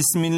بسم الله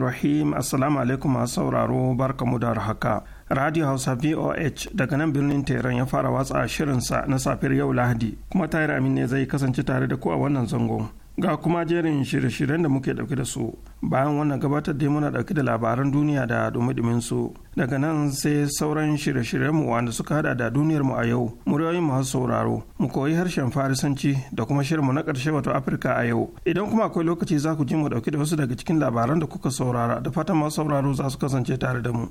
rahim Assalamu alaikum masu sauraro mu da haka. Radio Hausa VOH daga nan birnin Teran ya fara watsa shirinsa na safiyar yau Lahadi kuma tayar Amin ne zai kasance tare da ku a wannan zangon. ga kuma jerin shirye-shiryen da muke dauke da su bayan wannan gabatar da muna dauke da labaran duniya da dumi su daga nan sai sauran shirye shiryen mu wanda suka hada da duniyar mu a yau muryoyin masu sauraro mu koyi harshen farisanci da kuma shirin mu na karshe wato afirka a yau idan kuma akwai lokaci za ku ji mu dauke da wasu daga cikin labaran da kuka saurara da fatan masu sauraro za su kasance tare da mu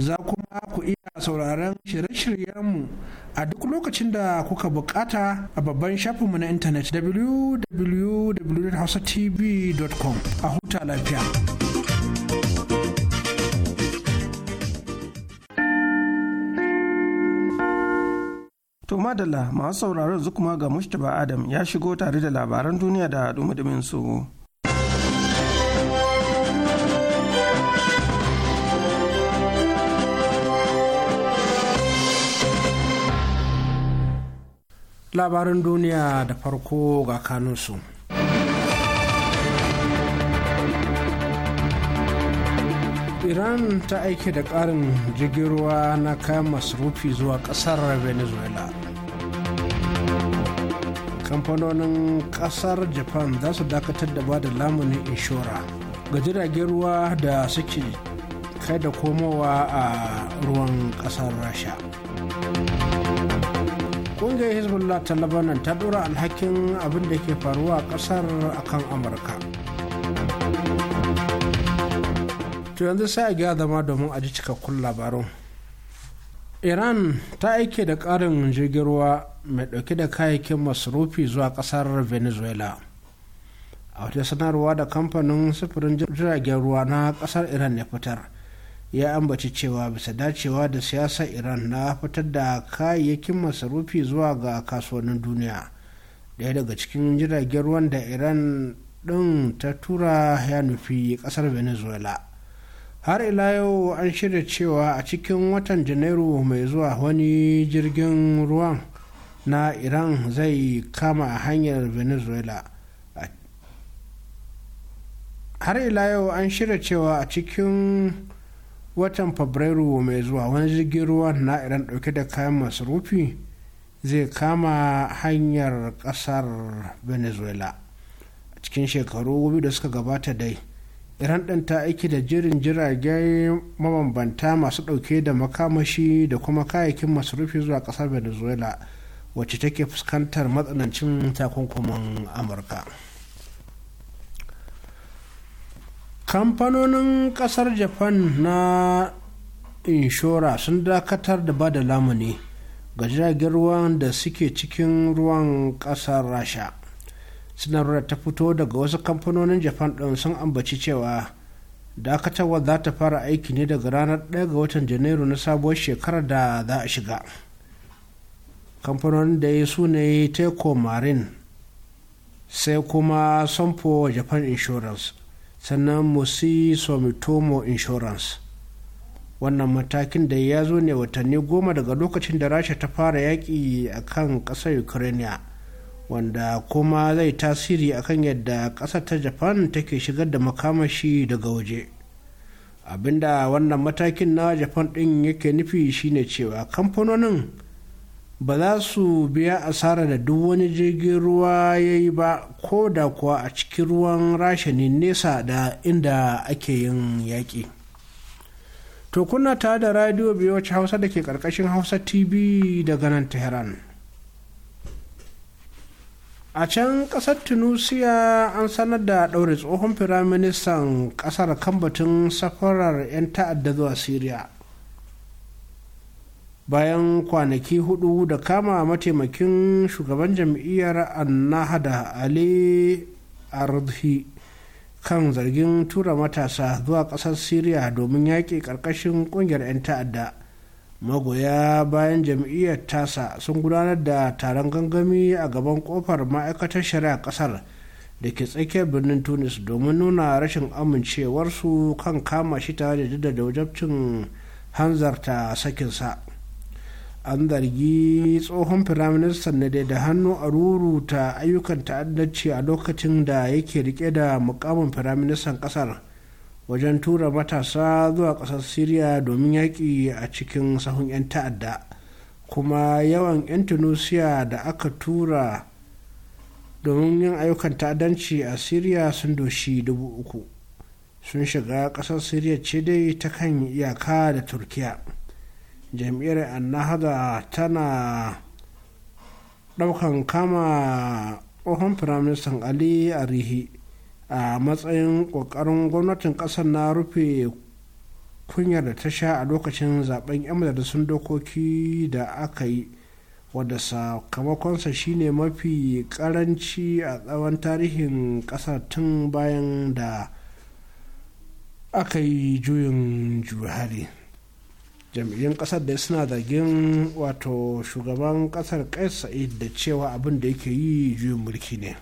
za kuma ku iya sauraron shirye-shiryenmu a duk lokacin da kuka bukata a babban shafinmu na intanet www.hausatv.com a huta lafiya. To madalla masu sauraron zukuma ga Mustapha Adam ya shigo tare da labaran duniya da dumi su. labarin duniya da farko ga kanunsu. iran ta aiki da ƙarin jirgin ruwa na kayan masarufi zuwa ƙasar venezuela kamfanonin ƙasar japan za su dakatar da ba da lamunin inshora ga jiragen ruwa da suke kai da komowa a ruwan ƙasar rasha ƙungiyar hezbollah ta labanan ta dora alhakin abin da ke faruwa a ƙasar akan amurka to yanzu sai a gyara zama domin a ji cikakkun labarun iran ta aike da ƙarin jirgin ruwa mai ɗauke da kayayyakin masarufi zuwa ƙasar venezuela a wata sanarwa da kamfanin sufurin jiragen ruwa na ƙasar iran ya fitar ya ambaci cewa bisa dacewa da siyasar iran na fitar da kayayyakin masarufi zuwa ga kasuwannin duniya daya daga cikin jiragen ruwan da iran din ta tura ya nufi kasar venezuela har ila yau an shirya cewa a cikin watan janairu mai zuwa wani jirgin ruwan na iran zai kama hanyar venezuela har ila yau an shirya cewa a cikin watan fabrairu mai zuwa wani jirgin ruwan na iran dauke da kayan masarufi zai kama hanyar kasar venezuela a cikin shekaru gobe da suka gabata dai iran ɗin ta aiki da jirin jirage mabambanta masu ɗauke da makamashi da kuma kayayyakin masarufi zuwa ƙasar venezuela wacce take fuskantar matsanancin takunkuman amurka kamfanonin kasar japan na inshora sun dakatar da bada lamuni ga jiragen ruwan da suke cikin ruwan kasar rasha sanarwar ta fito daga wasu kamfanonin japan ɗin sun ambaci cewa dakatarwa za ta fara aiki ne daga ranar 1 ga watan janairu na sabuwar shekarar da za a shiga kamfanonin da ya su ne teko marine sai kuma sampo japan insurance sannan musi somitomo insurance wannan matakin da ya zo ne watanni goma daga lokacin da rasha ta fara yaƙi a kan ƙasar ukraine wanda kuma zai tasiri akan yadda ƙasar ta japan take shigar da makamashi daga waje abinda wannan matakin na japan ɗin yake nufi shine cewa kamfanonin ba za su biya asara da duk wani jirgin ruwa ya yi ba ko da kuwa a cikin ruwan rashanin nesa da inda ake yin yaƙi to kuna ta da radio biyu wacce hausa da ke ƙarƙashin hausa tv daga nan tehran a can ƙasar tunisia an sanar da ɗaure tsohon firaministan ƙasar kan batun safarar 'yan ta'adda zuwa syria bayan kwanaki hudu da kama mataimakin shugaban jam'iyyar annahada ali ardhi kan zargin tura matasa zuwa kasar syria domin yaƙi ƙarƙashin ƙungiyar 'yan ta'adda magoya bayan jam'iyyar tasa sun gudanar da taron gangami a gaban kofar ma'aikatar shari'a ƙasar da ke tsakiyar birnin tunis domin nuna rashin amincewarsu kan kama shi tare da jaddada wajabcin hanzarta sakinsa an zargi tsohon firaministan na da hannu a ruruta ayyukan ta'addanci a lokacin da yake rike da mukamin firaministan kasar wajen tura matasa zuwa kasar syria domin yaƙi a cikin sahun 'yan ta'adda kuma yawan 'yan tunisia da aka tura domin yin ayyukan ta'addanci a syria sun doshi dubu uku sun shiga kasar syria ce dai ta kan iyaka da turkiya jam'iyyar annahada tana ɗaukan kama tsohon firaministan ali arihi a matsayin kokarin gwamnatin ƙasar na rufe kunyar da ta sha a lokacin zaben 'yan majalisun dokoki da aka yi wadda sakamakonsa shine mafi karanci a tsawon tarihin ƙasa tun bayan da aka yi juyin juhari. jam'iyyun kasar da suna zargin wato shugaban kasar kais sa'id da cewa abin da yake yi juyin mulki ne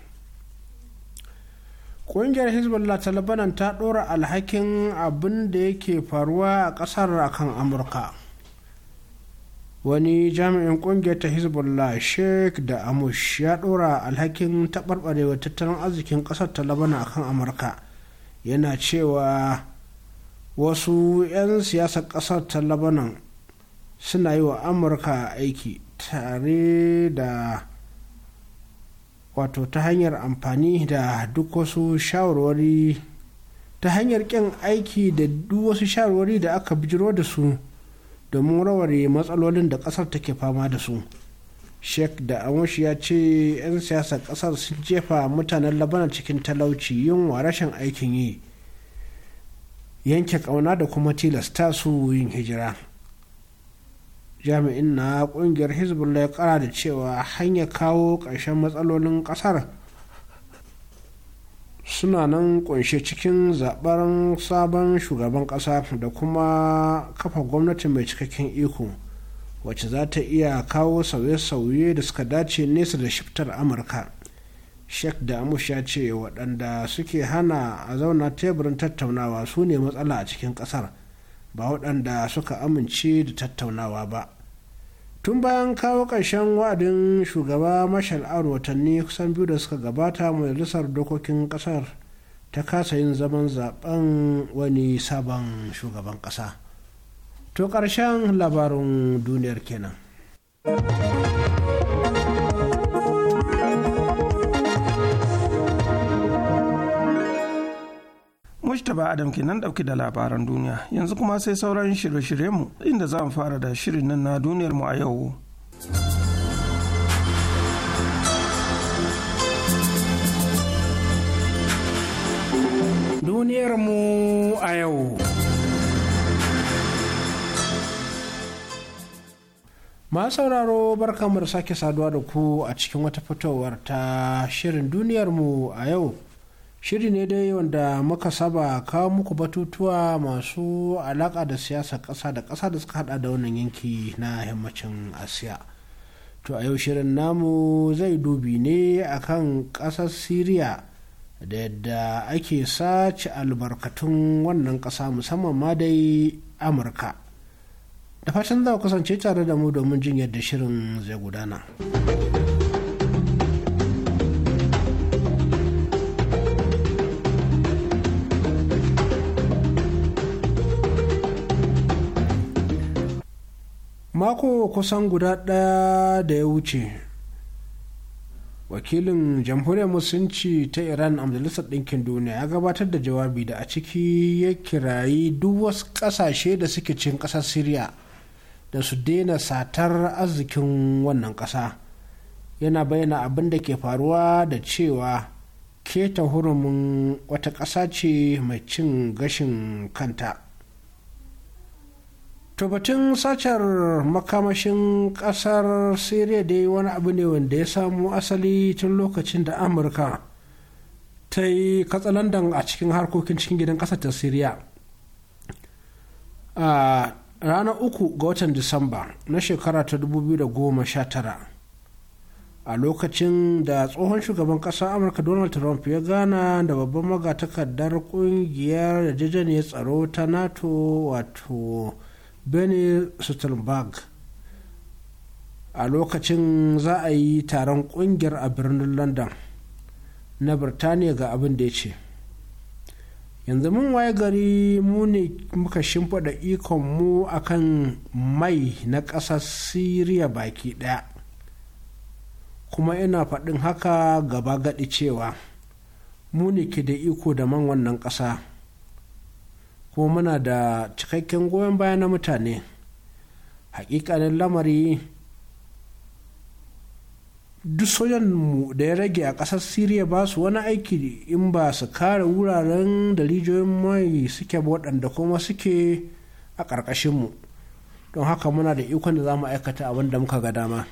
ƙungiyar hezbollah ta labanan ta ɗora alhakin abin da yake faruwa a ƙasar akan amurka wani jami'in ƙungiyar ta hezbollah sheikh da amush ya ɗora alhakin taɓarɓarewa tattalin arzikin ƙasar ta labanan akan amurka yana cewa wasu 'yan siyasar kasar ta labanan suna yi wa amurka aiki tare da wato ta hanyar amfani da duk wasu shawarwari ta hanyar kyan aiki da duk wasu shawarwari da aka bijiro da su domin warware matsalolin da kasar take fama da su sheik da amushi ya ce 'yan siyasar kasar sun jefa mutanen labanan cikin talauci yunwa rashin aikin yi yanke ƙauna da kuma tilasta su yin hijira jami'in na ƙungiyar hezbollah ya kara da cewa hanya kawo ƙarshen matsalolin ƙasar suna nan ƙunshe cikin zaɓar sabon shugaban ƙasa da kuma kafa gwamnati mai cikakken iko wacce za ta iya kawo sauye-sauye da suka dace nesa da shiftar amurka sheikh damush ya ce waɗanda suke hana a zauna teburin tattaunawa su ne matsala a cikin ƙasar ba waɗanda suka amince da tattaunawa ba tun bayan kawo ƙarshen wa'adin shugaba mashal watanni kusan biyu da suka gabata majalisar dokokin ƙasar ta kasa yin zaman zaben wani sabon shugaban ƙasa to ƙarshen labarin duniyar kenan. Mustapha Adam nan ɗauki da labaran duniya yanzu kuma sai sauran shirye-shiryenmu inda za mu fara da shirin nan na duniyar mu a yau. Duniyar mu a yau. Ma sauraro barkamu sake saduwa da ku a cikin wata fitowar ta shirin duniyarmu a yau shiri ne dai wanda muka saba kawo muku batutuwa masu alaƙa da siyasar ƙasa da ƙasa da suka hada da wannan yanki na yammacin asiya to a yau shirin namu zai dubi ne akan ƙasar siriya da yadda ake sace albarkatun wannan ƙasa musamman ma dai amurka da fatan za ku kasance tare da mu domin jin yadda shirin zai gudana. mako kusan guda ɗaya da ya wuce wakilin jamhuriyar musulunci ta iran a majalisar ɗinkin duniya ya gabatar da jawabi da a ciki ya kirayi duk wasu ƙasashe da suke cin ƙasar syria da su daina satar arzikin wannan ƙasa yana bayyana abin da ke faruwa da cewa keta hurumin wata ƙasa ce mai cin gashin kanta batun sacar makamashin kasar syria dai wani abu ne wanda ya samo asali tun lokacin da amurka ta yi katsalandan a cikin harkokin cikin gidan kasar ta syria a ranar uku ga watan disamba na shekara ta 2019 a lokacin da tsohon shugaban kasar amurka donald trump ya gana da babban magatakardar kungiyar da yarjejeniyar tsaro ta nato wato benny stoltenberg a lokacin za a yi taron kungiyar a birnin london na birtaniya ga abin da ya ce yanzu mun waye gari mu ne muka shimfiɗa ikon mu akan mai na ƙasar siriya baki ɗaya kuma ina faɗin haka gaba gaɗi cewa mu ne ke da iko da man wannan ƙasa ko muna da cikakken goyon baya na mutane hakikanin lamari duk sojanmu da ya rage a ƙasar siriya ba su wani aiki in ba su kare wuraren da rijiyoyin mai suke waɗanda kuma suke a ƙarƙashinmu don haka muna da ikon da za mu aikata abin da muka ga dama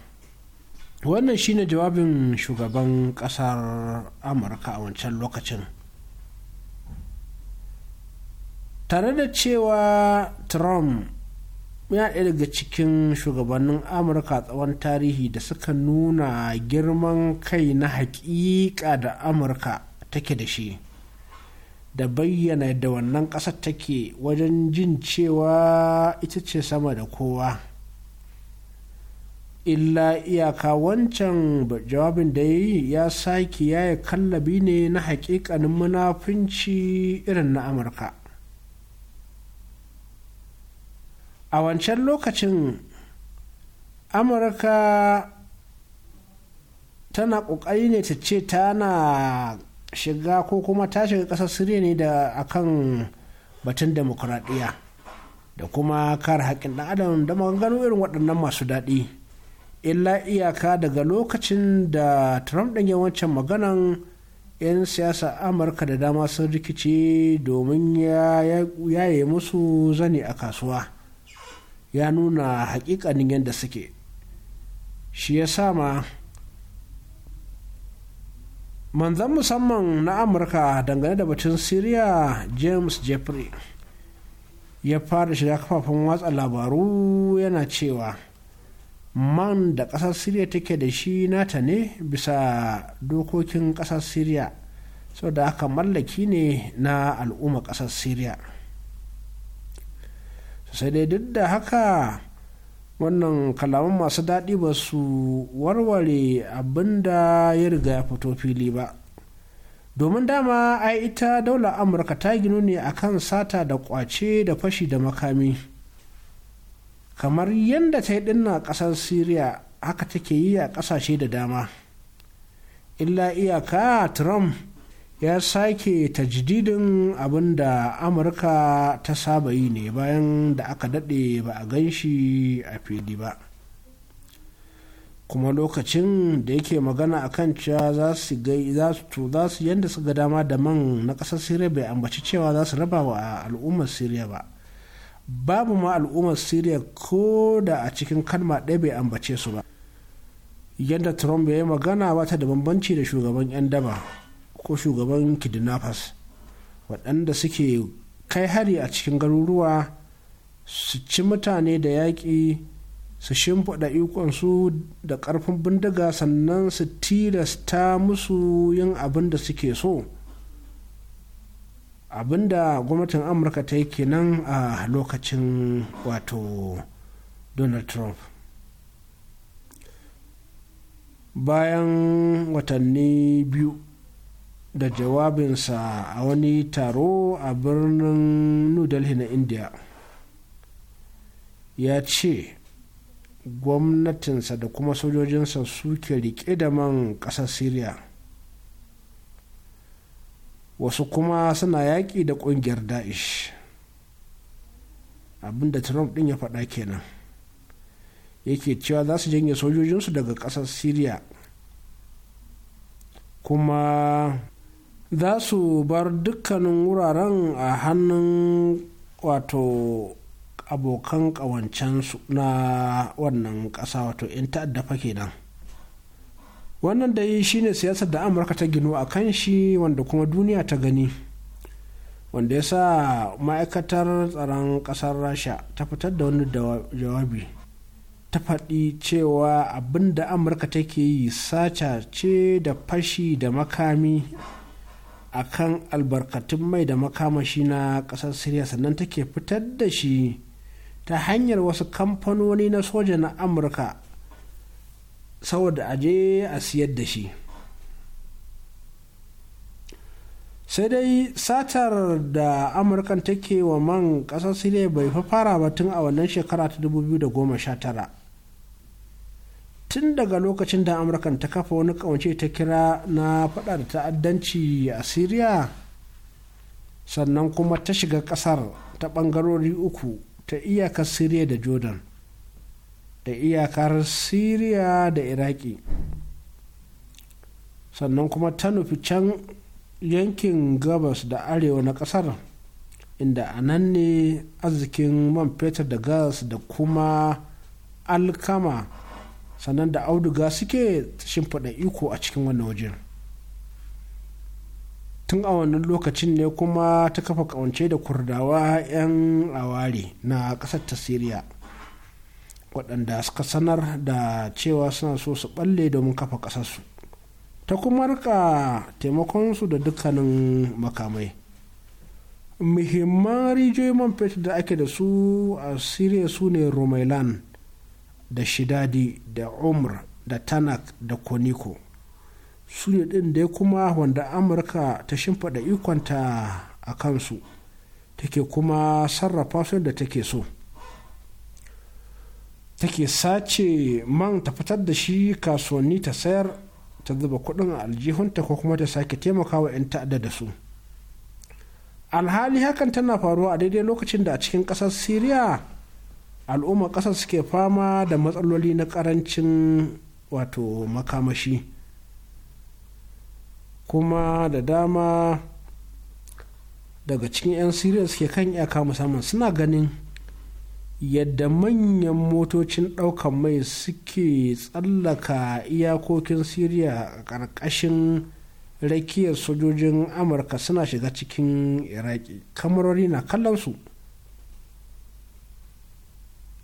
wannan shine jawabin shugaban ƙasar amurka a wancan lokacin tare da cewa trump ya ɗaya daga cikin shugabannin amurka tsawon tarihi da suka nuna girman kai na haƙiƙa da amurka take da shi da bayyana da wannan ƙasar take wajen jin cewa ita ce sama da kowa illa iyaka wancan jawabin da ya yi ya sake yaya kallabi ne na haƙiƙanin munafunci irin na amurka a wancan lokacin amurka tana ƙoƙari ne ta ce tana shiga ko kuma ta shiga ƙasar siriya ne da akan batun demokuraɗiyya da kuma kare haƙƙin ɗan adam da maganganu irin waɗannan masu daɗi illa iyaka daga lokacin da trump ɗin yawancin maganan 'yan siyasa amurka da dama sun rikici domin ya yi musu zane a kasuwa ya nuna hakikanin yadda suke shi ya ma. manzan musamman na amurka dangane da batun syria james jeffrey ya fara shiga kafafen watsa labaru yana cewa man da ƙasar syria take da shi nata ne bisa dokokin ƙasar syria sau da aka mallaki ne na al'umma ƙasar syria sai dai duk da haka wannan kalaman masu daɗi ba su warware abin da ya riga ya fito fili ba domin dama ai ita daular amurka ta ginu ne a kan sata da kwace da fashi da makami kamar yadda ta yi dinna ƙasar syria haka take yi a ƙasashe da dama illa iyaka trump ya sake tajdidin abin da amurka ta saba yi ne bayan da aka daɗe ba a gan shi a fili ba kuma lokacin da yake magana a kan cewa za su za su yadda suka dama da man na ƙasar siriya bai ambaci cewa za su raba wa al'ummar siriya ba babu ma al'ummar siriya ko da a cikin kalma ɗaya bai ambace su ba yadda trump ya yi magana ba ta da bambanci da shugaban 'yan daba ko shugaban kidnappers waɗanda suke kai hari a cikin garuruwa su ci mutane da yaƙi su shimfiɗa ikonsu da ƙarfin bindiga sannan su tilasta musu yin abin da suke so abin da gwamnatin amurka ta yi kenan a lokacin wato donald trump bayan watanni biyu da jawabinsa a wani taro a birnin new delhi na india ya ce gwamnatinsa da kuma sojojinsa suke rike da man ƙasar syria wasu kuma suna yaƙi da ƙungiyar daesh abinda trump din ya faɗa kenan yake cewa za su janye sojojinsu daga ƙasar syria kuma za su bar dukkanin wuraren a hannun wato abokan ƙawancensu na wannan ƙasa wato in ta'adda kenan wannan da yi shine siyasar da amurka ta gino a kan shi wanda kuma duniya ta gani wanda ya sa ma'aikatar tsaron kasar rasha ta fitar da wani jawabi ta faɗi cewa abinda amurka take yi saca ce da fashi da makami a kan albarkatun mai da makamashi na ƙasar siriya sannan take fitar da shi ta hanyar wasu kamfanoni na soja na amurka saboda aje a siyar da shi sai dai satar da amurkan take wa man ƙasar siriya bai fi fara batun a wannan shekara ta 2019 tun daga lokacin da amurkan ta kafa wani kawance ta kira na fada da ta'addanci a syria sannan kuma ta shiga kasar ta bangarori uku ta iyakar syria da jordan da iyakar syria da iraki sannan kuma ta nufi can yankin gabas da arewa na kasar inda a nan ne arzikin man fetur da gas da kuma alkama sannan da auduga suke shimfiɗa iko a cikin wannan wajen tun a wannan lokacin ne kuma ta kafa ƙawance da kurdawa 'yan aware na ƙasar ta siriya waɗanda suka sanar da cewa suna so su ɓalle domin kafa ƙasarsu ta kuma rika taimakonsu da dukkanin makamai muhimman rijiyoyin man fetur da ake da su a siriya su ne romailan da shidadi da umar da tanak da koniko su ne ɗin da kuma wanda amurka ta shimfiɗa ikonta a kansu take kuma sarrafa su da take so take sace man ta fitar da shi kasuwanni ta sayar ta zuba kudin a aljihunta ko kuma ta sake taimakawa 'yan ta'adda da su alhali hakan tana faruwa a daidai lokacin da a cikin ƙasar syria al'ummar ƙasar suke fama da matsaloli na ƙarancin wato makamashi kuma da dama daga cikin 'yan siriya suke kan iyaka musamman suna ganin yadda manyan motocin ɗaukan mai suke tsallaka iyakokin siriya a ƙarƙashin rakiyar sojojin amurka suna shiga cikin iraki kamarori na kallon su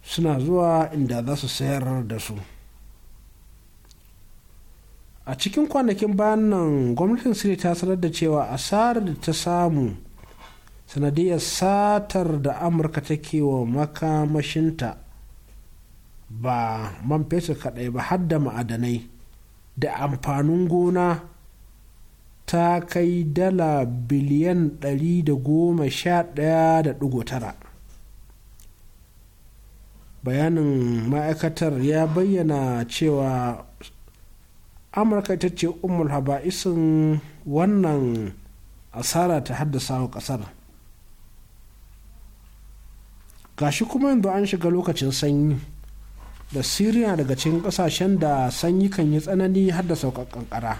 suna zuwa inda za su sayar da su a cikin kwanakin bayan nan gwamnatin sirri ta sanar da cewa asarar da ta samu sanadiyar satar da amurka take wa makamashinta ba man fetur kaɗai ba har da ma'adanai da amfanin gona ta kai dala biliyan 111.9 bayanin ma'aikatar ya bayyana cewa amurka ita ce umul haba'isin wannan asara ta haddasa wa kasar gashi kuma yanzu an shiga lokacin sanyi da siriya daga cikin kasashen da sanyi kan yi tsanani haddasa wa kankara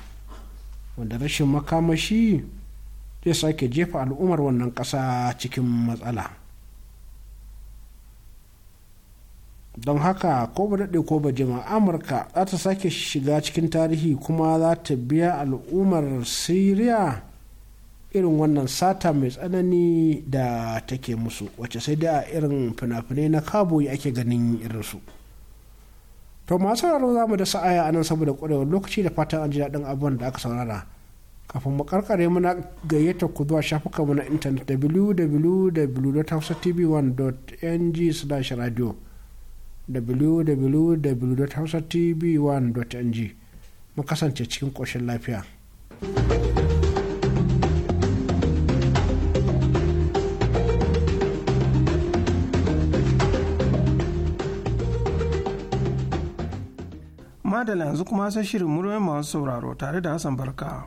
wanda rashin makamashi zai sake jefa al'ummar wannan kasa cikin matsala. don haka ko ba daɗe ko ba jima amurka za ta sake shiga cikin tarihi kuma za ta biya al'ummar syria irin wannan sata mai tsanani da take musu wacce sai dai a irin fina-finai na kaboyi ake ganin irinsu to masu raro za mu da sa'aya nan saboda kwarewar lokaci da fatan an ji daɗin abubuwan da aka saurara kafin mu karkare muna gayyata ku zuwa shafukanmu na intanet www.hausatv1.ng/radio www.hausatv1.ng mu kasance cikin ƙoshin lafiya. Madala yanzu kuma sai shirin muryoyin masu sauraro tare da Hassan Barka.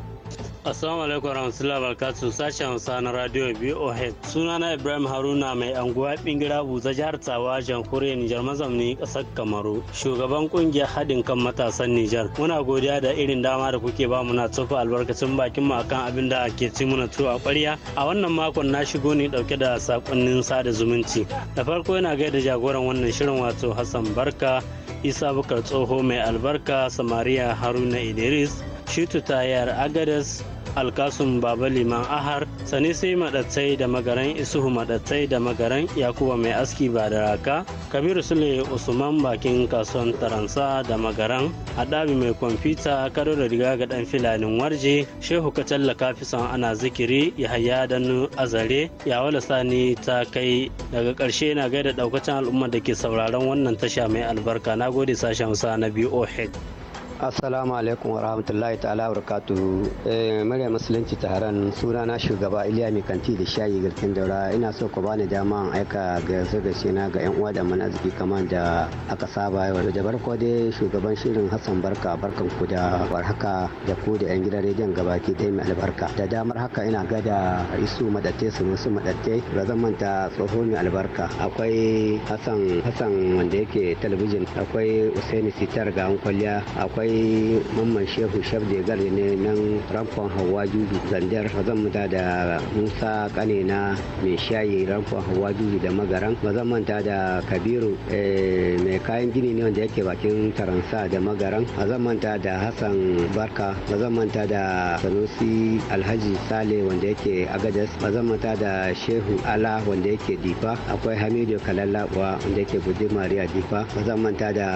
Assalamu alaikum warahmatullahi wabarakatuh sashen Hausa na radio BOH. na Ibrahim Haruna mai anguwa bingira buza jihar Tawa, jamhuriyar Nijar mazamni kasar Kamaru. Shugaban kungiyar haɗin kan matasan Nijar. Muna godiya da irin dama da kuke ba mu na tsofa albarkacin bakin mu akan abin da ake ci muna tuwo a ƙwarya. A wannan makon na shigo ne dauke da sakonnin sada zumunci. Da farko yana gaida jagoran wannan shirin wato Hassan Barka, Isa Bukar Tsoho mai albarka, Samariya Haruna Idris, Shitu Tayar Agadas, alkasun baba liman ahar sai madatsai da magaran isuhu madatsai da magaran yakuba mai aski ba da raka kabiru sule usman bakin kasuwan taransa da magaran ɗabi mai kwamfuta kado da riga ga ɗan filanin warje shehu kacalla kafison ana zikiri yahaya dan azare wala sani ta kai daga karshe na gaida ɗaukacin al'umma da ke sauraron wannan tasha mai albarka na gode sashen sa na boh assalamu alaikum rahmatullahi ta'ala barakatuhu eh, murya musulunci taron suna na shugaba iliya mai kanti da shayi garkin daura ina so ku bani dama aika ga yanzu shi na ga yan uwa da mana arziki kamar da aka saba yau da barko dai shugaban shirin hassan barka barkan ku da haka da ku da yan gidan rediyon gabaki dai mai albarka da damar haka ina gada isu madatte su musu madatte ba zan manta tsoho mai albarka akwai hassan hassan wanda yake talabijin akwai usaini sitar ga an kwalliya akwai akwai mamman shehu shaf da gare ne nan ramfon hawa juju zandar ba zan da musa kane na mai shayi ramfon hawa juju da magaran ba zan manta da kabiru eh, mai kayan gini ne wanda yake bakin taransa da magaran ba zan manta da hassan barka ba zan manta da sanusi alhaji sale wanda yake agadas ba zan manta da shehu ala wanda yake difa akwai hamidu kalalla wanda yake budi mariya difa ba zan manta da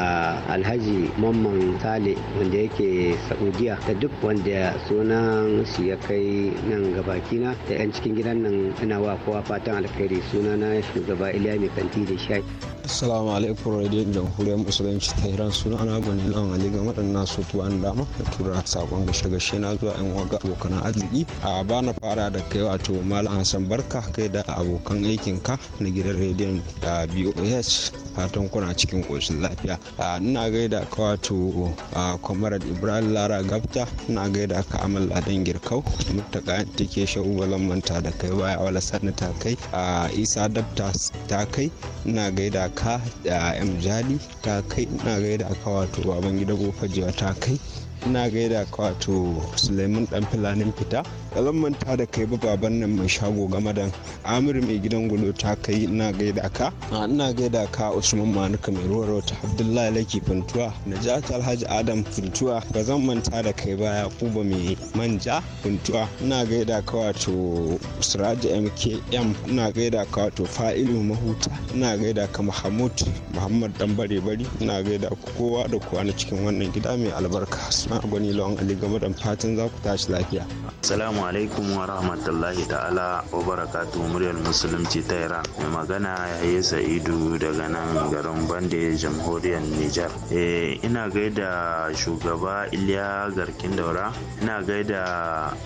alhaji mamman sale wanda yake saudiya da duk wanda sunan su ya kai nan gabakina da 'yan cikin gidan nan ina wa kowa fatan alkhairi na shugaba iliya mai kanti da shaki Assalamu alaikum radio jamhuriyar musulunci ta Iran suna ana gani nan Ali ga waɗannan su tuwan dama da tura sakon gashe gashe na zuwa yan waga abokan arziki a bana fara da kai wato malam Hassan Barka kai da abokan aikin ka na gidan rediyon da bos fatan kuna cikin koshin lafiya ina gaida ka wato kwamarar ibrahim lara gafta na gaida aka amal ladan girkau mutaka take sha'u manta da kai baya wala sanna ta kai a isa dabta ta kai na gaida ka da m jali ta kai na gaida ka wato baban gida gofajewa ta kai na gaida ka wato suleiman dan filanin fita ba manta da kai ba baban nan mai shago game da amir mai gidan gudu ta kai ina gaida ka ina gaida ka usman manuka mai ruwa-ruwa ta abdullahi laki fintuwa najat alhaji adam fintuwa ba zan manta da kai ba yakuba mai manja fintuwa ina gaida ka wato siraji mkm ina gaida ka wato fa'ilu mahuta ina gaida ka mahamud muhammad dan bare bari ina gaida ku kowa da kowa na cikin wannan gida mai albarka suna gwani lawan ali game da fatan za ku tashi lafiya assalamu alaikum wa rahmatullahi ta'ala wa barakatu muryar musulunci ta Iran. Mai magana yi Sa'idu daga nan garin Bande jamhuriyar Nijar. Eh ina gaida shugaba Iliya Garkin Daura, ina gaida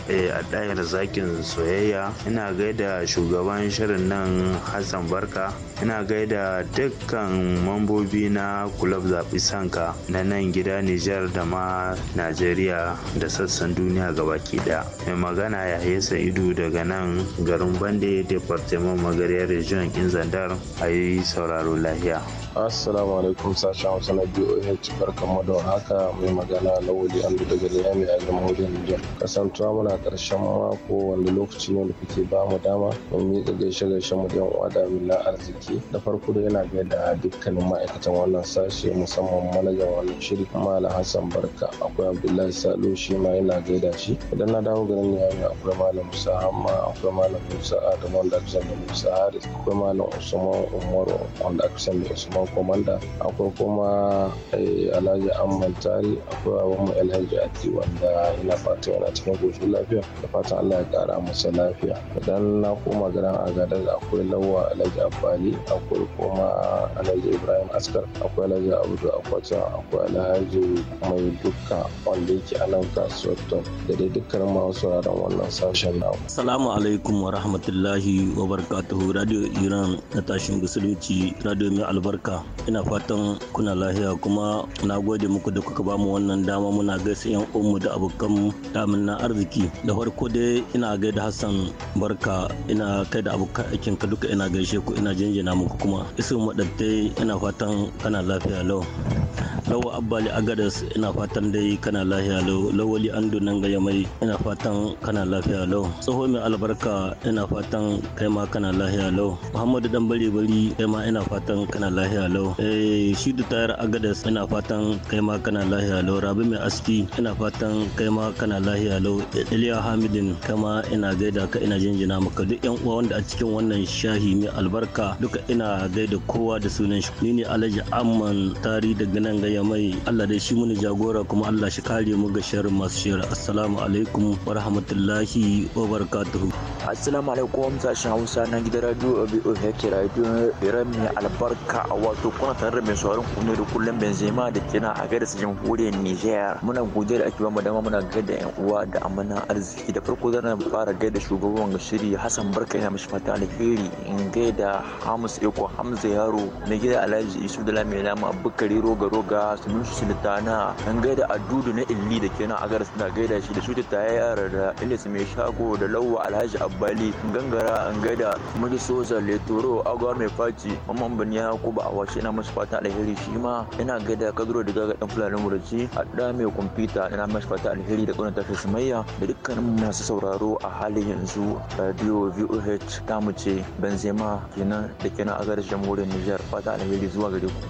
eh, Adayar Zakin Soyayya, ina gaida shugaban shirin nan Hassan Barka, ina gaida dukkan mambobi na kulab zaɓi sanka na nan gida Nijar da ma Najeriya da sassan duniya gabaki ɗaya. Mai magana magana ya hesa ido daga nan garin bande departement magariyar region inzandar a yi sauraro lahiya Assalamu alaikum sashen Hausa na BOH mu da haka mai magana Lawali Andu daga Niyami a jamhuriyar Nijar. Kasantuwa muna karshen mako wanda lokaci ne da kuke ba mu dama Mun miƙa gaishe gaishe mu da uwa da mila arziki. Da farko da yana gaida dukkanin ma'aikatan wannan sashe musamman manajan wannan shiri Malam Hassan Barka akwai Abdullahi Salo shi ma yana gaida shi. Idan na dawo garin Niyami akwai Malam Musa Hamma akwai Malam Musa Adamu wanda aka da Musa Haris akwai Malam Usman Umaru wanda aka da Usman babban komanda akwai kuma eh, alhaji amman tari akwai baban mu alhaji ati wanda ina fata yana cikin goshin lafiya da fatan allah ya kara masa lafiya idan na koma garin agadar akwai lawa alhaji abbali akwai kuma alhaji ibrahim askar akwai alhaji abdu akwata akwai alhaji mai duka wanda yake a nan kasuwar da dai dukkan masu sauraron wannan sashen na assalamu alaikum wa rahmatullahi wa barakatuhu radio iran na tashin gusulunci radio mai albarka haka ina fatan kuna lafiya kuma na gode muku da kuka bamu wannan dama muna gaisa yan mu da abokan damin na arziki da farko dai ina gaida hassan barka ina kai da abokan aikin ka duka ina gaishe ku ina jinjina muku kuma isu madaddai ina fatan kana lafiya lau lawa abbali agadas ina fatan dai kana lafiya lau lawali an nan ga mai ina fatan kana lafiya lau tsoho mai albarka ina fatan kai ma kana lafiya lau muhammadu dan bari bari kai ma ina fatan kana lafiya lau eh tayar agadas ina fatan kai ma kana lafiya lau rabi mai aski ina fatan kai ma kana lafiya lau iliya hamidin kama ma ina gaida ka ina jinjina maka duk yan uwa wanda a cikin wannan shahi mai albarka duka ina gaida kowa da sunan shi ni ne alhaji amman tari daga nan gaya ya mai Allah dai shi muni jagora kuma Allah shi kare mu ga sharrin masu shira assalamu alaikum wa rahmatullahi wa barakatuhu assalamu alaikum shi hausa na gidan radio abu yake radio iran albarka a wato kuna tare da mai sauran kunne da kullum benzema da kina a gaida sajin hore Niger muna gode da ake bamu dama muna gaida yan uwa da amana arziki da farko zan fara gaida shugaban shiri hassan barka ina mishi fata alheri in gaida hamus eko hamza yaro na gida alhaji isu da lamina ma bukari roga roga gaida su silitana an gaida adudu na illi da ke nan agaras gaida shi da cuta ta yara da ilis mai shago da lawa alhaji abali gangara an gaida mudi soza letoro agwa mai faci mamman bani ya kuba a washe na masu fata alheri shi ma yana gaida kaduro da gaga dan fulani murci a da mai kwamfuta yana masu fata alheri da kwanan tashi sumayya da dukkanin masu sauraro a halin yanzu radio voh ta mu ce benzema kenan da kenan agaras jamhuriyar nijar fata alheri zuwa gare ku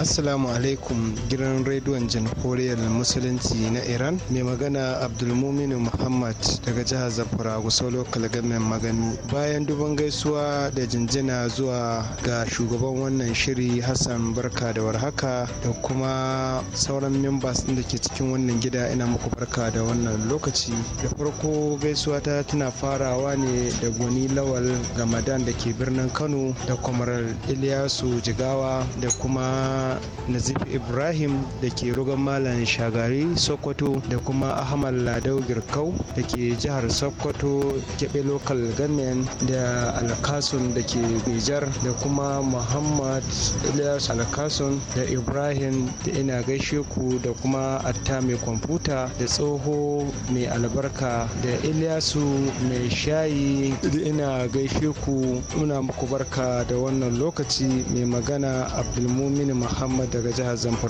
assalamu alaikum gidan rediyon jamhuriyar musulunci na iran mai magana abdulmumin muhammad daga jihar zamfara gusau local government magani bayan duban gaisuwa da jinjina zuwa ga shugaban wannan shiri hassan barka da warhaka da kuma sauran members da ke cikin wannan gida ina muku barka da wannan lokaci da farko gaisuwa ta tana farawa ne da gwani lawal gamadan da ke birnin kano da kwamarar iliyasu jigawa da kuma Nazifi ibrahim ibrahim da ke rugan malam shagari sokoto da kuma ahmad ladau girkau da ke jihar sokoto keɓe lokal government da alkasun da ke nijar da kuma muhammad ilyas alkasun da ibrahim da ina gaishe ku da kuma atta mai kwamfuta da tsoho mai albarka da ilyasu mai shayi da ina gaishe ku muna muku barka da wannan lokaci mai magana abdulmumin muhammad daga jihar zamfara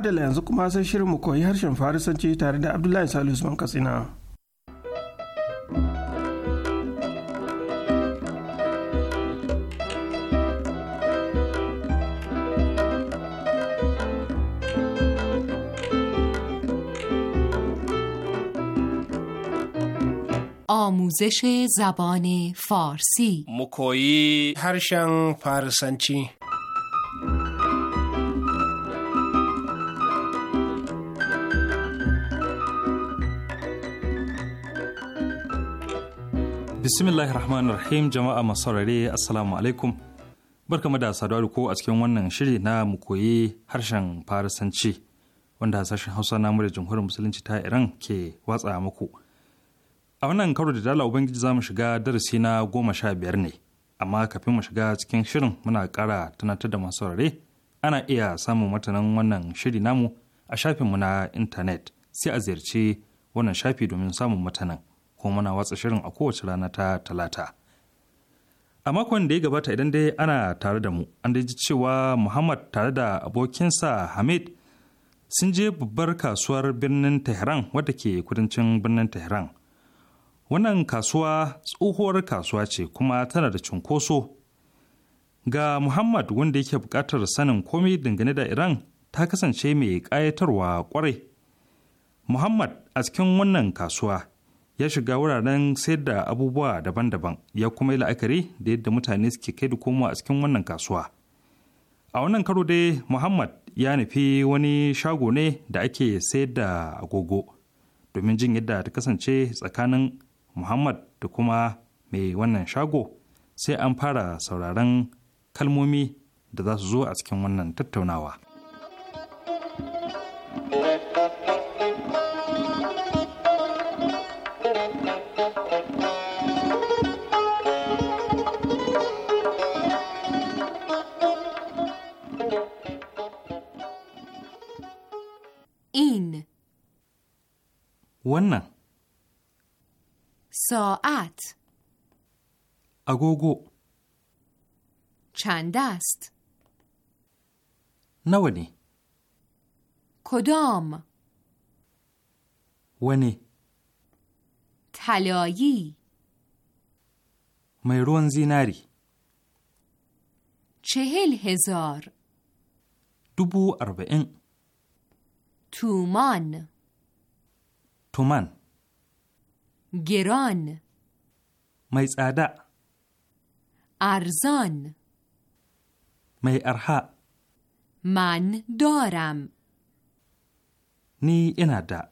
adala yanzu kuma sai shirin mu koyi harshen farisanci tare da abdullahi salisu usman katsina آموزش زبان فارسی مکویی هرشن فارسنچی bismillahir rahmanir rahim jama'a masu saurare assalamu alaikum barkamu da saduwa da ko a cikin wannan shiri na mu koyi harshen farisanci wanda sashen hausa na da jamhuriyar musulunci ta iran ke watsa muku a wannan karo da dala ubangiji za mu shiga darasi na goma sha biyar ne amma kafin mu shiga cikin shirin muna kara tunatar da masu saurare ana iya samun matanan wannan shiri namu a shafinmu na intanet sai a ziyarci wannan shafi domin samun matanan kuma muna watsa shirin a kowace rana ta talata. A makon da ya gabata idan dai ana tare da mu, an ji cewa Muhammad tare da abokinsa Hamid sun je babbar kasuwar birnin Tehran wadda ke kudancin birnin Tehran. Wannan kasuwa tsohuwar kasuwa ce kuma tana da cunkoso. Ga Muhammad wanda yake bukatar sanin komai dangane da Iran ta kasance mai ƙayatarwa ƙwarai. Muhammad a cikin wannan kasuwa ya shiga wuraren sayar da abubuwa daban-daban ya kuma yi la'akari da yadda mutane suke kai da komowa a cikin wannan kasuwa a wannan karo dai muhammad ya nufi wani shago ne da ake sayar da agogo domin jin yadda ta kasance tsakanin muhammad da kuma mai wannan shago sai an fara sauraron kalmomi da za su zo a cikin wannan tattaunawa. ونه ساعت اگوگو چند است نونی کدام ونی طلایی میرون زیناری چهل هزار دوبو اربعین تومان تومن گران می ساده ارزان می ارها من دارم نی انادا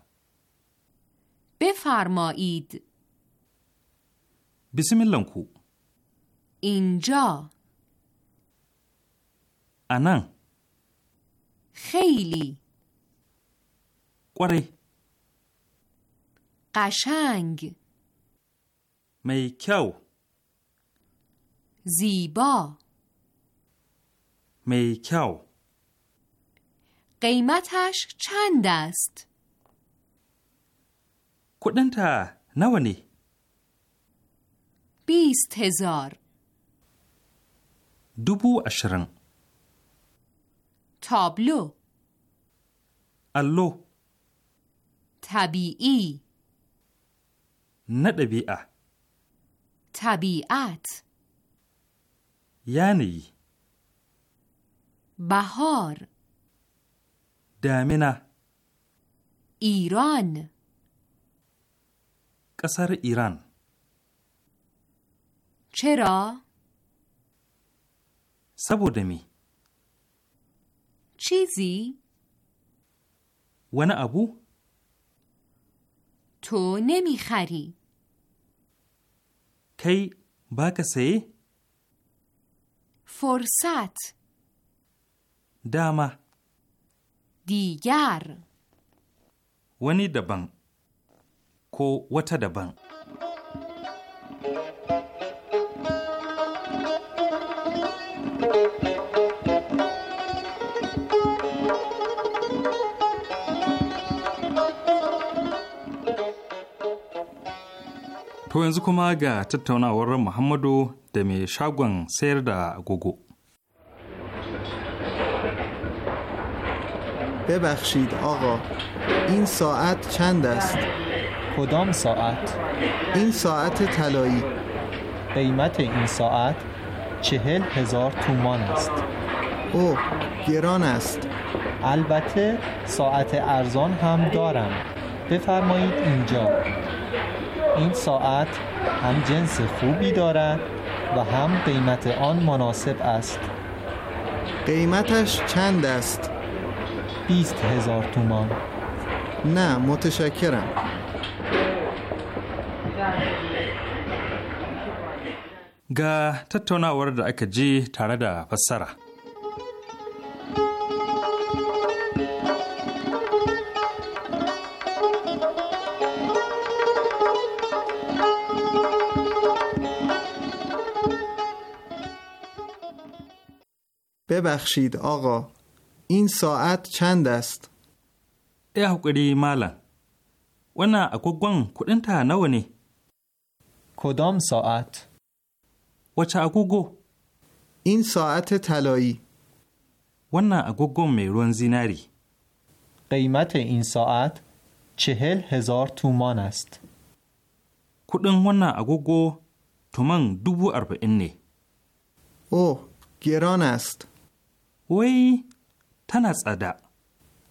بفرمایید بسم الله کو اینجا انا خیلی قره قشنگ میکو زیبا میکو قیمتش چند است؟ تا نوانی بیست هزار دوبو اشرن تابلو الو طبیعی نه طبیعه طبیعت یعنی بهار دامنه ایران قصر ایران چرا؟ سبودمی چیزی؟ ونه ابو؟ تو نمیخری kai baka saye? Forsat Dama Diyar! Wani daban ko wata daban. To yanzu kuma ga tattaunawar Muhammadu da mai shagon sayar da ببخشید آقا این ساعت چند است؟ کدام ساعت؟ این ساعت طلایی. قیمت این ساعت چهل هزار تومان است او گران است البته ساعت ارزان هم دارم بفرمایید اینجا این ساعت هم جنس خوبی دارد و هم قیمت آن مناسب است قیمتش چند است؟ بیست هزار تومان نه متشکرم گه tattaunawar ده اکجی ji پسره ببخشید آقا این ساعت چند است؟ ای مالن؟ مالا ونا اگوگون کدن نوانی کدام ساعت؟ وچه اگوگو؟ این ساعت طلایی. ونا اگوگون میرون زیناری قیمت این ساعت چهل هزار تومان است کدن ونا اگوگو تومان دوبو اربعین نی او گران است وی تنسده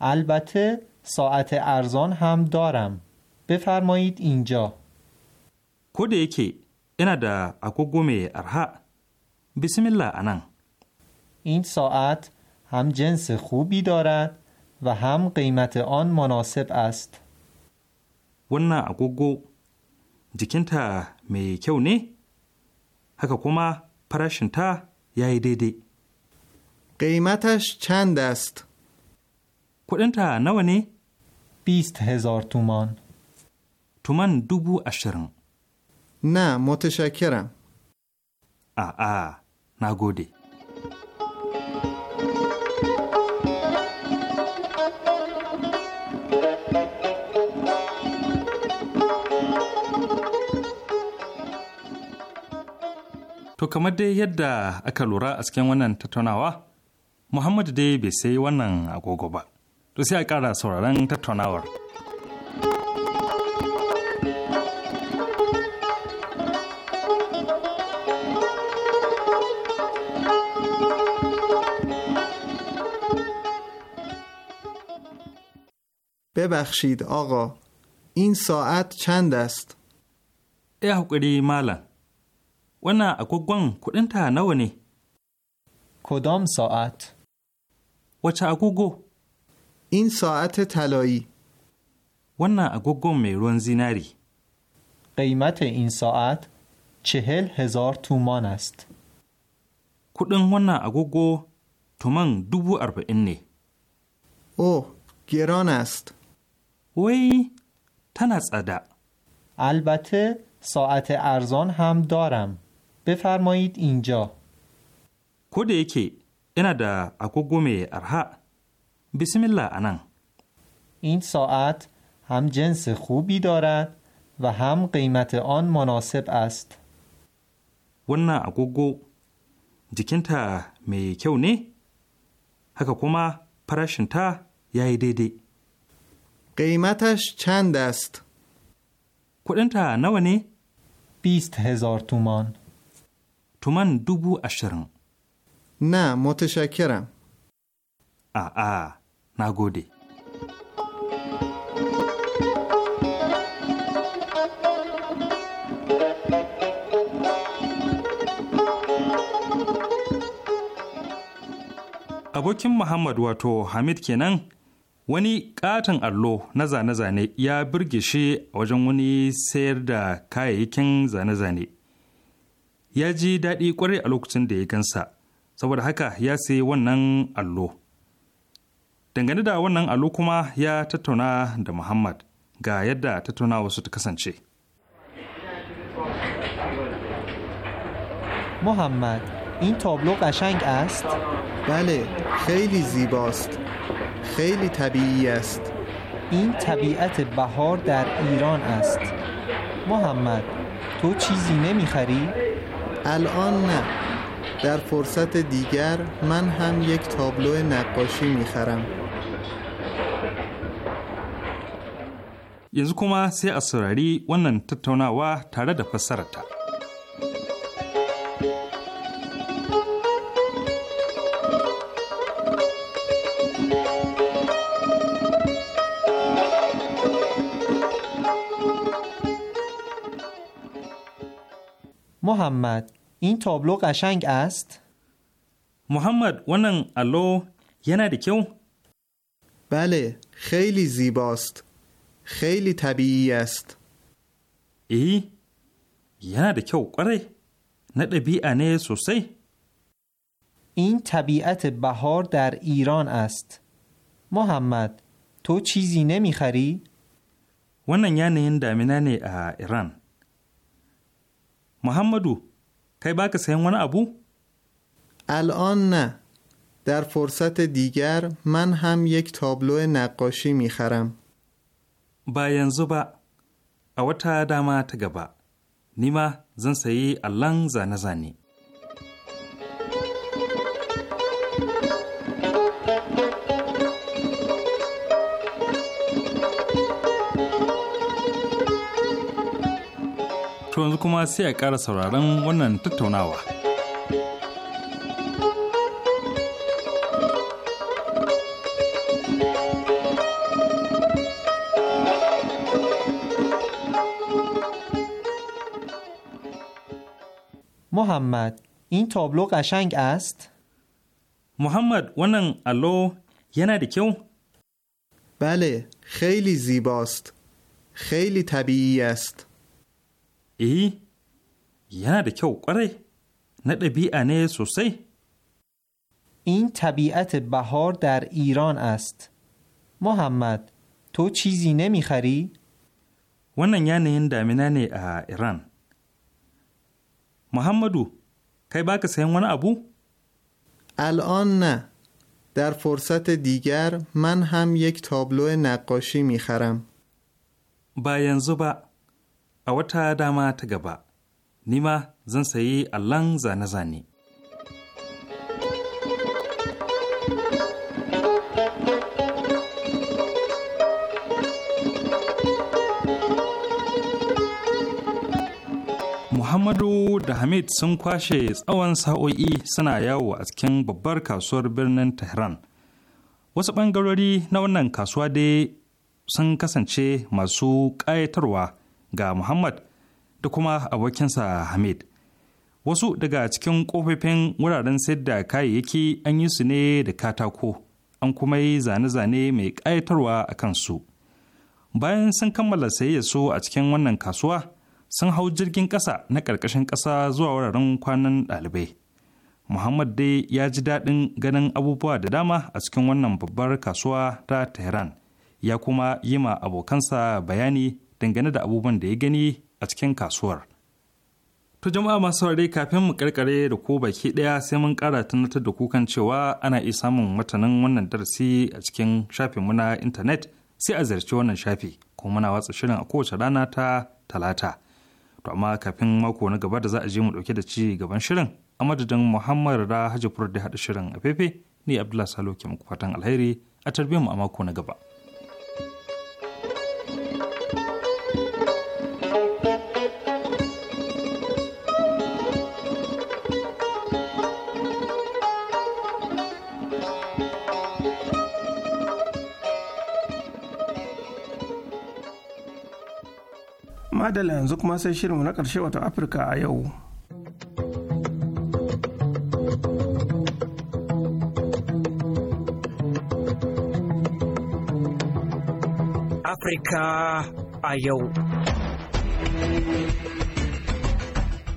البته ساعت ارزان هم دارم بفرمایید اینجا کد که اینا دا اگوگو گومه ارها بسم الله انان این ساعت هم جنس خوبی دارد و هم قیمت آن مناسب است ونا اگوگو تا می کونه هکا کما kuma تا یای دیدی. قیمتش چند است؟ کدن تا نوانی؟ بیست هزار تومان تومان دوبو اشرم نه متشکرم آ آ نگودی To kamar dai yadda aka lura a cikin wannan tattaunawa Muhammadu dai bai sayi wannan agogo ba. To sai a ƙara sauraron tattaunawar. ببخشید آقا این ساعت چند است؟ ای حقری مالا ونا اگوگوان کدنتا نوانی کدام ساعت؟ وچه اگوگو این ساعت طلایی wannan agogon می ruwan زیناری قیمت این ساعت چهل هزار تومان است. کودن wannan agogo تومان دوبو اربعین نه. او گران است. وی تنا ادا. البته ساعت ارزان هم دارم. بفرمایید اینجا. کد یکه ina da agogo بسم arha. Bismillah anan. این ساعت هم جنس خوبی دارد و هم قیمت آن مناسب است. ونا اگوگو جکن تا می کیو نی؟ هکا کما پرشن دیدی؟ قیمتش چند است؟ کدن تا نوانی؟ بیست هزار تومان تومان دوبو اشترن نه متشکرم آ آ نگودی abokin Muhammad wato Hamid kenan wani katon allo na zane-zane ya birge shi a wajen wani sayar da kayayyakin zane-zane. Ya ji daɗi ƙwarai a lokacin da ya gansa, saboda haka ya sayi wannan allo dangane da wannan allo kuma ya tattauna da muhammad ga yadda tattaunawa su ta kasance Muhammad in تابلو قشنگ ast? Bale khaili زیباست khaili طبیعی ast. این طبیعت بهار در ایران است محمد تو چیزی نمیخری؟ الان نه در فرصت دیگر من هم یک تابلو نقاشی میخرم yanzu kuma sai a saurari wannan tattaunawa tare da محمد این تابلو قشنگ است؟ محمد ونن الو یه کیو؟ بله خیلی زیباست خیلی طبیعی است ای یه کیو قره نه بی سوسی این طبیعت بهار در ایران است محمد تو چیزی نمیخری؟ ونن یعنی دامنه ایران محمدو kai baka sayan wani abu? Al’on na, dar fursat digar man ham yake tablo naƙoshi mi haram. Ba yanzu ba, a wata dama ta gaba, ni ma zan sayi allon zane-zane. To yanzu محمد این تابلو قشنگ است؟ محمد ونن الو یه کن؟ بله خیلی زیباست خیلی طبیعی است ی یهای دیکه وقایع نت بی این طبیعت بهار در ایران است محمد تو چیزی نمیخری ونه یهای نه در منانه ایران محمدو کی باقی سعی من ابو الان در فرصت دیگر من هم یک تابلو نقاشی میخرم با ینزو زبان a wata dama ta gaba. Nima zan sayi allon zane-zane. Muhammadu da Hamid sun kwashe tsawon sa'o'i suna yawo a cikin babbar kasuwar birnin Tehran. Wasu ɓangarori na wannan kasuwa dai sun kasance masu ƙayatarwa ga Muhammad da kuma abokinsa Hamid. Wasu daga cikin ƙofofin wuraren sayar da kayayyaki an yi su ne da katako, an kuma yi zane-zane mai ƙayatarwa a kansu. Bayan sun kammala sayayya su a cikin wannan kasuwa, sun hau jirgin ƙasa na ƙarƙashin ƙasa zuwa wuraren kwanan ɗalibai. Muhammad dai ya ji daɗin ganin abubuwa da dama a cikin wannan babbar kasuwa ta Tehran, ya kuma yi ma abokansa bayani dangane da abubuwan da ya gani a cikin kasuwar. To jama'a masu saurare kafin mu karkare da ko baki ɗaya sai mun kara tunatar da kukan cewa ana iya samun matanin wannan darasi a cikin shafin mu na intanet sai a ziyarci wannan shafi kuma muna watsa shirin a kowace rana ta talata. To amma kafin mako na gaba da za a je mu dauke da ci gaban shirin a madadin Muhammad Rahaji Furdi hada shirin a fefe ni Abdullahi Salo ke muku fatan alheri a tarbiyyar mu a mako na gaba. madala yanzu kuma sai shirinmu na ƙarshe wata afirka a yau afirka a yau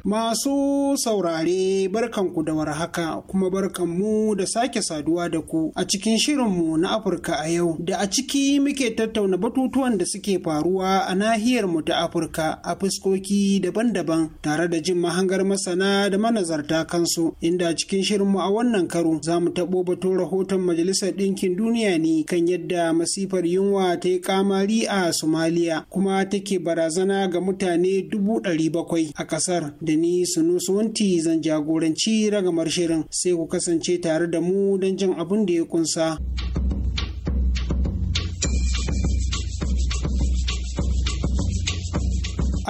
Masu saurare barkanku da warhaka kuma barkanmu da sake saduwa da ku a cikin shirinmu na Afirka a yau da a ciki muke tattauna batutuwan da suke faruwa a nahiyar mu ta Afirka a fuskoki daban-daban tare da jin mahangar masana da manazarta kansu inda a cikin mu a wannan karo za mu taɓo batun rahoton Majalisar Ɗinkin Duniya ne kan yadda masifar yunwa ta yi kamari a Somalia kuma take barazana ga mutane dubu ɗari bakwai a ƙasar da ni Sunusu Wunti zan jagoranci ragamar shirin sai ku kasance tare da mu don jin abin da ya kunsa.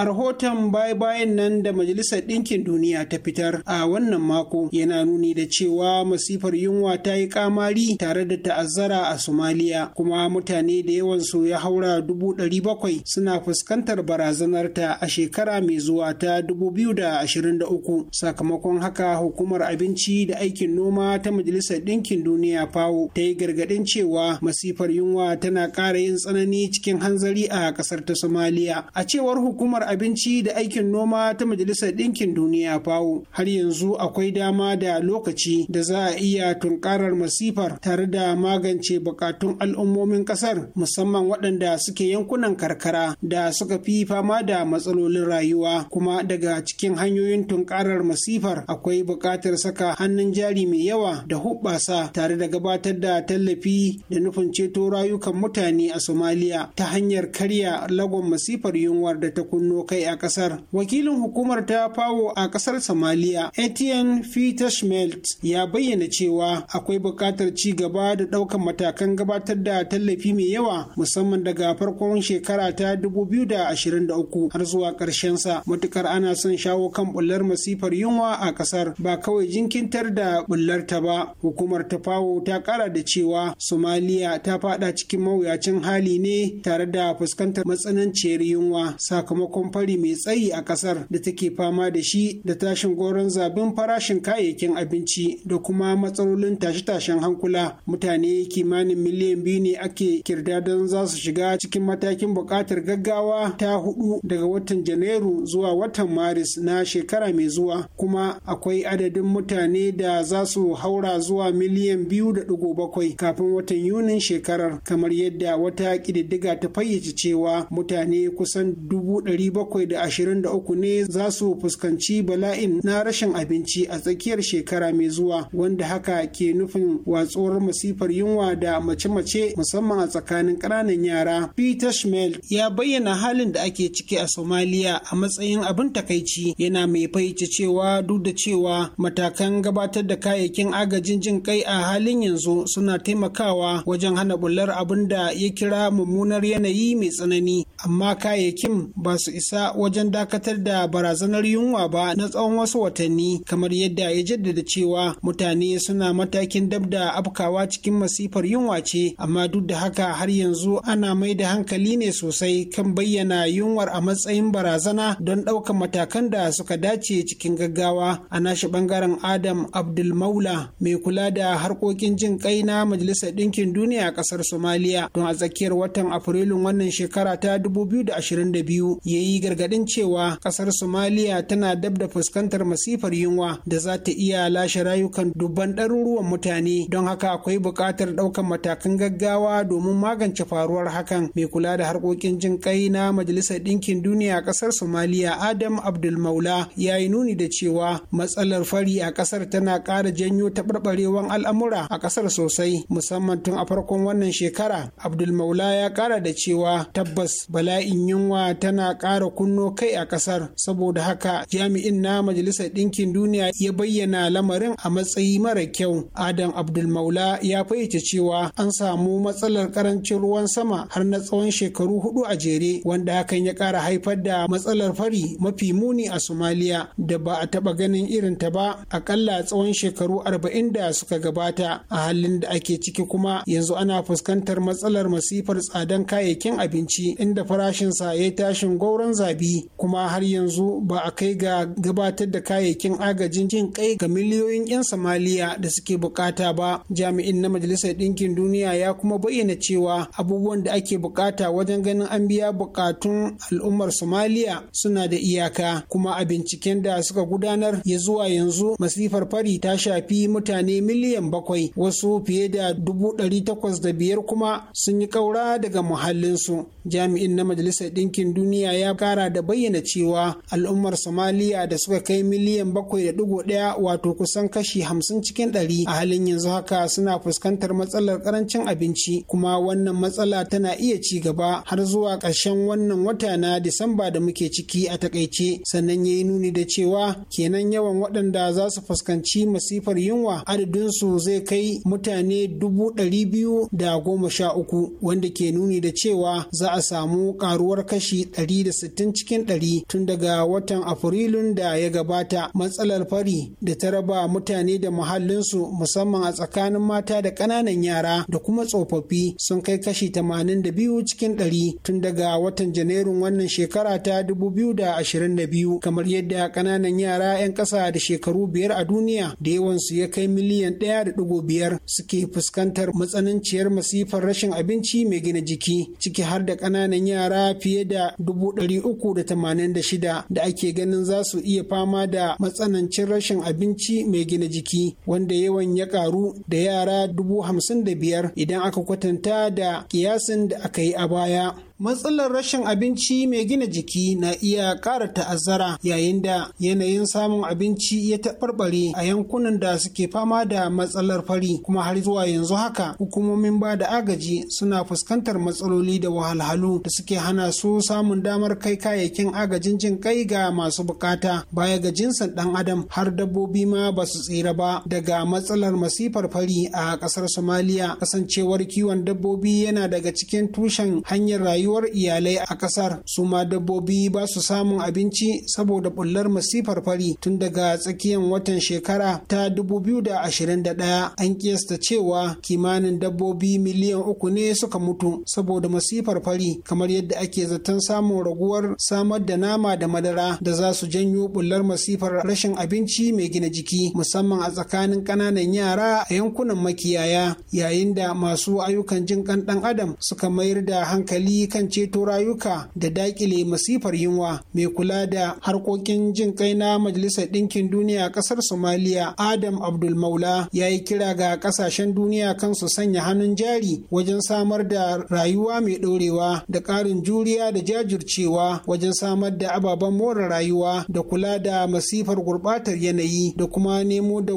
a rahoton baya-bayan nan da majalisar ɗinkin duniya ta fitar a wannan mako yana nuni da cewa masifar yunwa ta yi kamari tare da ta'azzara a somaliya kuma mutane da yawan su ya haura dubu ɗari bakwai suna fuskantar barazanar ta a shekara mai zuwa ta dubu biyu da ashirin da uku sakamakon haka hukumar abinci da aikin noma ta majalisar ɗinkin duniya fawo ta yi gargaɗin cewa masifar yunwa tana ƙara yin tsanani cikin hanzari a ƙasar ta somaliya a cewar hukumar abinci da aikin noma ta majalisar ɗinkin duniya fawo har yanzu akwai dama da lokaci da za a iya tunkarar masifar tare da magance bukatun al'ummomin ƙasar musamman waɗanda suke yankunan karkara da suka fi fama da matsalolin rayuwa kuma daga cikin hanyoyin tunkarar masifar akwai buƙatar saka hannun jari mai yawa da hubbasa tare da gabatar da tallafi da nufin ceto rayukan mutane a somaliya ta hanyar karya lagon masifar yunwar da ta kunno a kasar wakilin hukumar ta fawo a kasar Somalia, etienne fitashmelt ya bayyana cewa akwai buƙatar ci gaba da ɗaukar matakan gabatar da tallafi mai yawa musamman daga farkon shekara ta 2023 har zuwa ƙarshen sa matukar ana son shawo kan bullar masifar yunwa a kasar ba kawai jinkintar da bullar ta ba hukumar ta fawo ta ƙara da cewa Somalia ta fada cikin mawuyacin hali ne tare da fuskantar matsananciyar yunwa sakamakon sakamakon fari mai tsayi a kasar da take fama da shi da tashin goron zabin farashin kayayyakin abinci da kuma matsalolin tashe-tashen hankula mutane kimanin miliyan biyu ne ake don za su shiga cikin matakin buƙatar gaggawa ta hudu daga watan janairu zuwa watan maris na shekara mai zuwa kuma akwai adadin mutane da za su haura zuwa miliyan biyu da dugo bakwai kafin watan yunin shekarar kamar yadda wata ƙididdiga ta fayyace cewa mutane kusan dubu ɗari bakwai da 723 ne za su fuskanci bala'in na rashin abinci a tsakiyar shekara mai zuwa wanda haka ke nufin watsuwar masifar yunwa da mace-mace musamman a tsakanin ƙananan yara. Peter Schmel ya bayyana halin da ake ciki a Somalia a matsayin abin takaici yana mai faice cewa duk da cewa matakan gabatar da kayayyakin agajin jin kai a halin yanzu suna taimakawa wajen hana bullar abin da ya kira mummunar yanayi mai tsanani amma kayayyakin ba su isa wajen dakatar da barazanar yunwa ba na tsawon wasu watanni kamar yadda ya jaddada cewa mutane suna matakin dab da afkawa cikin masifar yunwa ce amma duk da haka har yanzu ana mai da hankali ne sosai kan bayyana yunwar a matsayin barazana don ɗaukar matakan da suka dace cikin gaggawa a nashi bangaren adam abdul maula mai kula da harkokin jin kai na majalisar ɗinkin duniya a ƙasar somaliya don a tsakiyar watan afrilun wannan shekara ta 2022 ya yi yi gargadin cewa kasar somaliya tana dab da fuskantar masifar yunwa da za ta iya lashe rayukan dubban ɗaruruwan mutane don haka akwai buƙatar ɗaukan matakan gaggawa domin magance faruwar hakan mai kula da harkokin jin kai na majalisar ɗinkin duniya a ƙasar somaliya adam abdulmaula ya yi nuni da cewa matsalar fari a ƙasar tana ƙara janyo taɓarɓarewan al'amura a ƙasar sosai musamman tun a farkon wannan shekara abdulmaula ya ƙara da cewa tabbas bala'in yunwa tana ƙara ƙara kunno kai a ƙasar saboda haka jami'in na majalisar ɗinkin duniya ya bayyana lamarin a matsayi mara kyau adam abdulmaula ya fayyace cewa an samu matsalar karancin ruwan sama har na tsawon shekaru hudu a jere wanda hakan ya kara haifar da matsalar fari mafi muni a somaliya da ba a taɓa ganin irin ta ba akalla tsawon shekaru arba'in da suka gabata a halin da ake ciki kuma yanzu ana fuskantar matsalar masifar tsadan kayayyakin abinci inda farashinsa ya tashin gwauron an zabi kuma har yanzu ba a kai ga gabatar da kayayyakin agajin jin kai ga miliyoyin 'yan Somaliya da suke bukata ba. Jami'in na Majalisar Ɗinkin Duniya ya kuma bayyana cewa abubuwan da ake bukata wajen ganin an biya bukatun al'ummar Somaliya suna da iyaka kuma a binciken da suka gudanar ya zuwa yanzu masifar fari ta shafi mutane miliyan bakwai wasu fiye da dubu ɗari takwas da biyar kuma sun yi ƙaura daga muhallinsu. jami'in na majalisar ɗinkin duniya ya kara da bayyana cewa al'ummar somaliya da suka kai miliyan bakwai da digo ɗaya wato kusan kashi hamsin cikin ɗari a halin yanzu haka suna fuskantar matsalar ƙarancin abinci kuma wannan matsala tana iya ci gaba har zuwa ƙarshen wannan wata na disamba da muke ciki a takaice sannan ya yi nuni da cewa kenan yawan waɗanda za su fuskanci masifar yunwa adadinsu zai kai mutane dubu ɗari biyu da goma sha uku wanda ke nuni da cewa za za a samu karuwar kashi 160 cikin 100 tun daga watan afrilun da ya gabata matsalar fari da ta raba mutane da muhallinsu musamman a tsakanin mata da ƙananan yara da kuma tsofaffi sun kai kashi 82 cikin 100 tun daga watan janairun wannan shekara ta 2022 kamar yadda ƙananan yara 'yan ƙasa da shekaru biyar a duniya da yawansu ya kai miliyan 1.5 suke fuskantar matsananciyar masifar rashin abinci mai gina jiki ciki har da ƙananan yara fiye da 386 da ake ganin za su iya fama da matsanancin rashin abinci mai gina jiki wanda yawan ya ƙaru da yara 55,000 idan aka kwatanta da kiyasin da aka yi a baya. matsalar rashin abinci mai gina jiki na iya ƙara ta'azzara yayin da yanayin samun abinci ya taɓarɓare a yankunan da suke fama da matsalar fari kuma har zuwa yanzu haka hukumomin ba da agaji suna fuskantar matsaloli da wahalhalu da suke hana su samun damar kai kayayyakin agajin jin kai ga masu bukata baya ga jinsin ɗan adam har dabbobi ma ba su tsira ba daga matsalar masifar fari a ƙasar somaliya kasancewar kiwon dabbobi yana daga cikin tushen hanyar rayuwa rayuwar iyalai a kasar su ma dabbobi ba su samun abinci saboda bullar masifar fari tun daga tsakiyar watan shekara ta 2021 an kiyasta cewa kimanin dabbobi miliyan uku ne suka mutu saboda masifar fari kamar yadda ake zaton samun raguwar samar da nama da madara da za su janyo bullar masifar rashin abinci mai gina jiki musamman a tsakanin ƙananan yara a yankunan makiyaya yayin da masu ayyukan jin ɗan adam suka mayar da hankali kan akan ceto rayuka da dakile masifar yunwa mai kula da harkokin jin kai na majalisar ɗinkin duniya a ƙasar somaliya adam abdul maula ya yi kira ga ƙasashen duniya kan su sanya hannun jari wajen samar da rayuwa mai ɗorewa da ƙarin juriya da jajircewa wajen samar da ababen more rayuwa da kula da masifar gurɓatar yanayi da kuma nemo da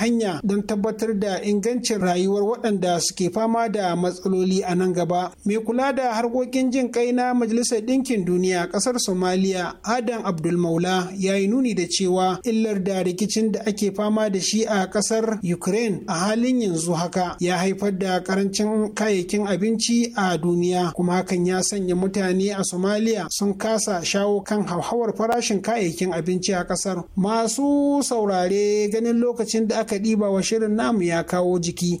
hanya don tabbatar da ingancin rayuwar waɗanda suke fama da matsaloli a nan gaba mai kula da harkokin harkokin jin kai na majalisar ɗinkin duniya ƙasar somaliya adam abdulmaula ya yi nuni da cewa illar da rikicin da ake fama da shi a ƙasar ukraine a halin yanzu haka ya haifar da karancin kayayyakin abinci a duniya kuma hakan ya sanya mutane a somaliya sun kasa shawo kan hauhawar farashin kayayyakin abinci a ƙasar masu saurare ganin lokacin da aka ɗiba wa shirin namu ya kawo jiki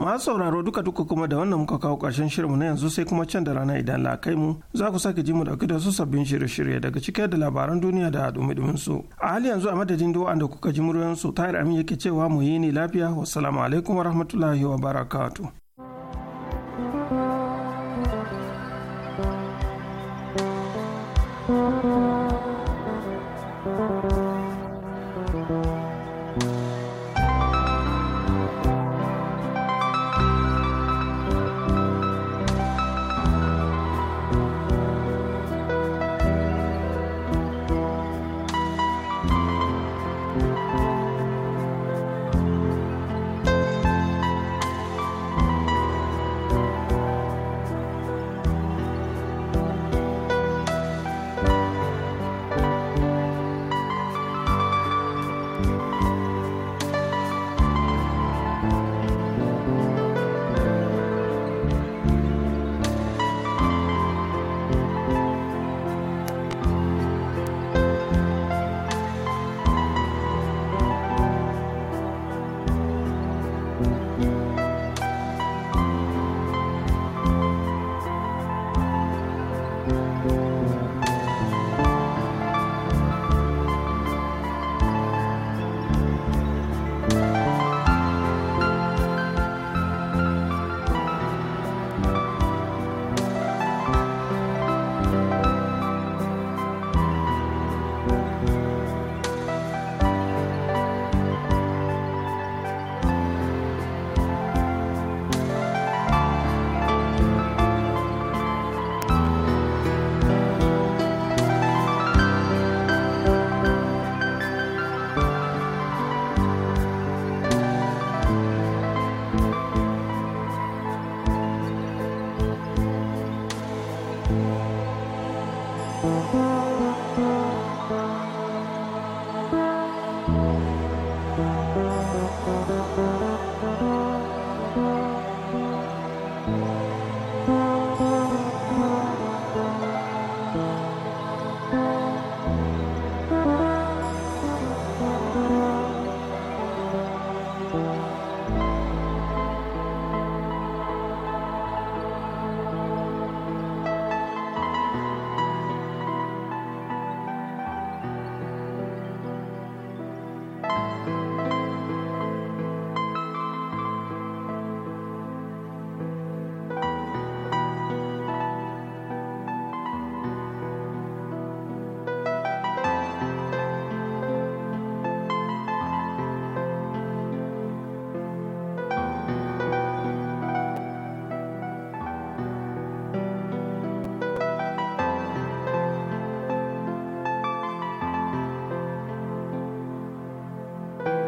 masu sauraro duka duka kuma da wannan muka kawo ƙarshen shirinmu na yanzu sai kuma can da rana idan la mu za ku sake ji mu dauki da su sabbin shirye-shirye daga cike da labaran duniya da dumi-dumin su a hali yanzu a madadin do'an da kuka ji muryoyin su tayar amin yake cewa mu yi ni lafiya wassalamu alaikum wa wabarakatuh